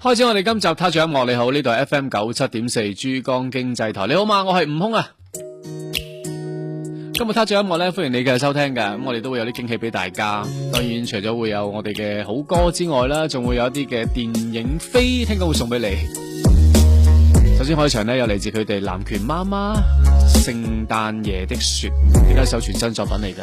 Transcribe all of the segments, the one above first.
開始我哋今集嘅撻着音樂，你好，呢度係 F M 九七點四珠江經濟台，你好嘛，我係悟空啊！今日撻着音樂咧，歡迎你繼續收聽噶，咁我哋都會有啲驚喜俾大家，當然除咗會有我哋嘅好歌之外啦，仲會有一啲嘅電影飛，聽日會送俾你。首先開場呢，有嚟自佢哋南拳媽媽《聖誕夜的雪》，而家首全新作品嚟噶。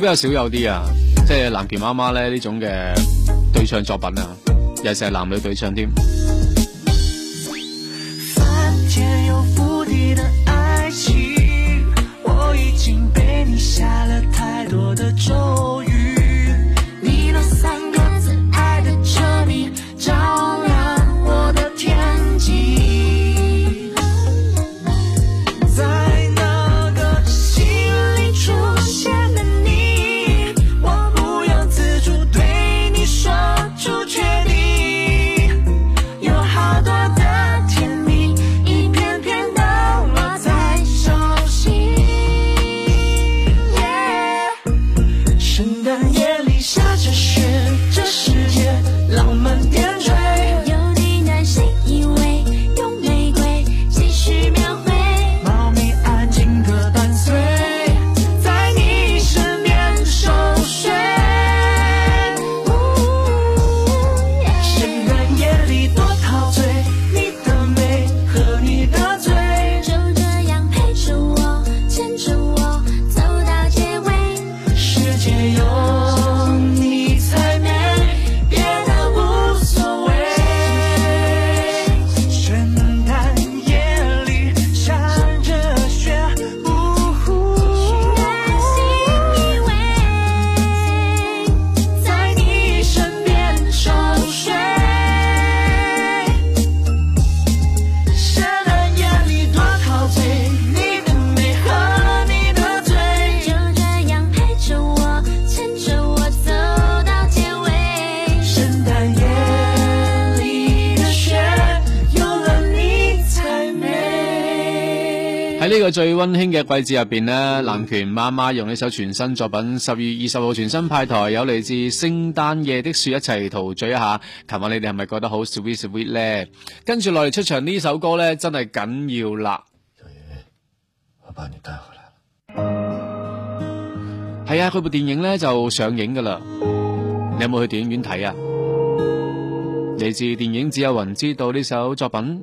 比較少有啲啊，即係藍皮媽媽咧呢這種嘅對唱作品啊，尤其係男女對唱添、啊。呢個最溫馨嘅季節入邊呢南拳媽媽用呢首全新作品，十月二十號全新派台，有嚟自《聖誕夜的雪》，一齊陶醉一下。琴晚你哋係咪覺得好 sweet sweet 咧？跟住落嚟出場呢首歌咧，真係緊要啦，我把你帶回嚟啦。係啊，佢部電影咧就上映噶啦。你有冇去電影院睇啊？嚟自電影《只有雲知道》呢首作品。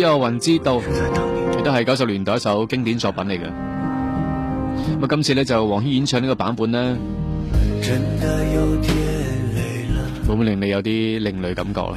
《只有雲知道》亦都係九十年代一首經典作品嚟嘅。咁今次呢，就黃軒演唱呢個版本咧，會唔會令你有啲另類感覺呢？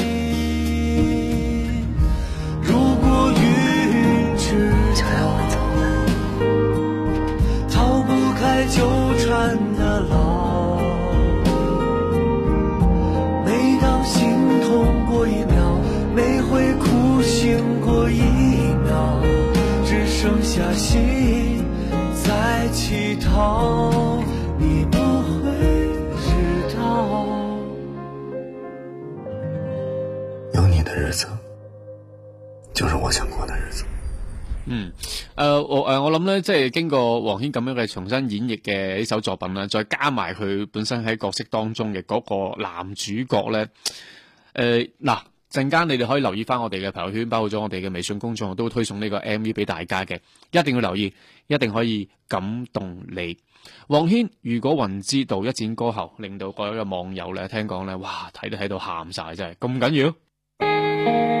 有你的日子，就是我想過的日子。嗯，呃，我，呃，我諗咧，即係經過黃軒咁樣嘅重新演繹嘅呢首作品呢，再加埋佢本身喺角色當中嘅嗰個男主角咧，誒、呃，嗱、呃。陣間你哋可以留意翻我哋嘅朋友圈，包括咗我哋嘅微信公眾號，都推送呢個 MV 俾大家嘅，一定要留意，一定可以感動你。黃軒，如果雲知道一展歌喉，令到各位嘅網友咧，聽講咧，哇，睇都睇到喊晒，真係咁緊要。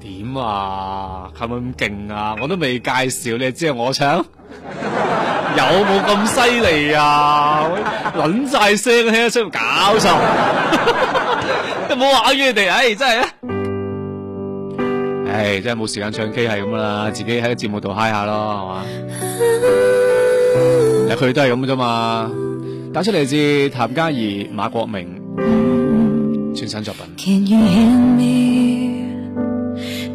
點啊？係咪咁勁啊？我都未介紹，你知我唱 有冇咁犀利啊？搵晒聲喺度搞受， 都冇話於你哋、啊，唉、哎，真係啊！唉、哎，真係冇時間唱 K，係咁啦，自己喺個節目度 high 下咯，係嘛？佢 都係咁啫嘛，打出嚟自譚嘉儀、馬國明全新作品。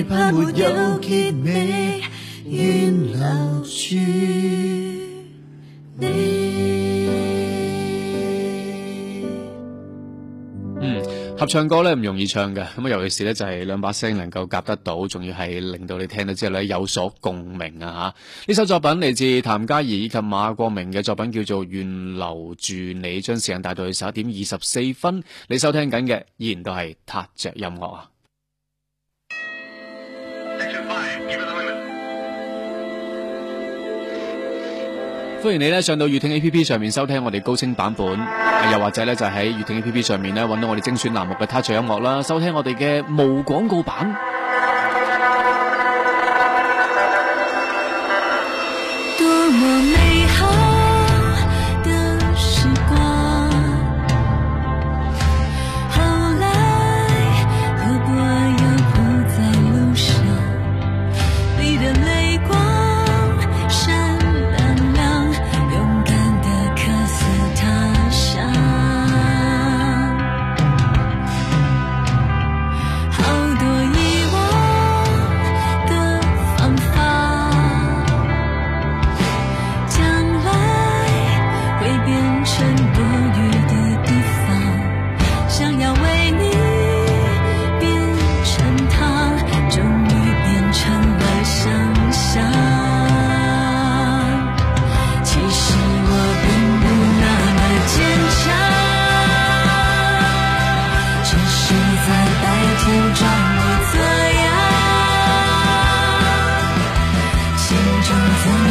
有結尾，願留住你。嗯，合唱歌咧唔容易唱嘅，咁啊，尤其是咧就係兩把聲能夠夾得到，仲要係令到你聽到之後咧有所共鳴啊！吓，呢首作品嚟自譚嘉儀以及馬國明嘅作品，叫做《願留住你》，將時間帶到去十一點二十四分。你收聽緊嘅依然都係撻着音樂啊！歡迎你咧上到粵聽 A P P 上面收聽我哋高清版本，啊、又或者咧就喺、是、粵聽 A P P 上面咧搵到我哋精選欄目嘅撻着音樂啦，收聽我哋嘅無廣告版，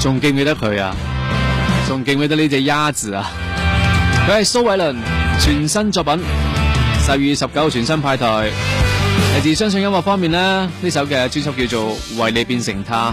仲記唔記得佢啊？仲記唔記得呢隻鴨子啊？佢係蘇慧倫全新作品十二月十九號全新派台，嚟自相信音樂方面呢，呢首嘅專輯叫做《為你變成他》。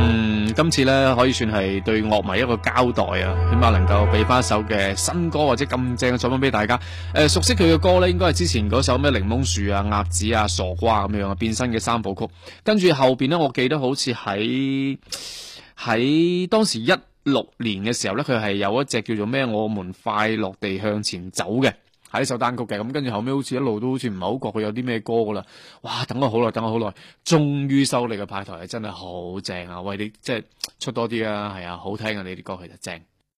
嗯，今次呢可以算係對樂迷一個交代啊，起碼能夠俾翻一首嘅新歌或者咁正嘅作品俾大家。誒、呃，熟悉佢嘅歌呢應該係之前嗰首咩檸檬樹啊、鴨子啊、傻瓜咁樣啊，變身嘅三部曲。跟住後邊呢，我記得好似喺喺當時一六年嘅時候呢佢係有一隻叫做咩我們快樂地向前走嘅。喺呢首單曲嘅，咁跟住後尾好似一路都好似唔係好覺佢有啲咩歌噶啦，哇！等咗好耐，等咗好耐，終於收你嘅派台真係好正啊！喂你，即係出多啲啊，係啊，好聽啊，你啲歌其實正。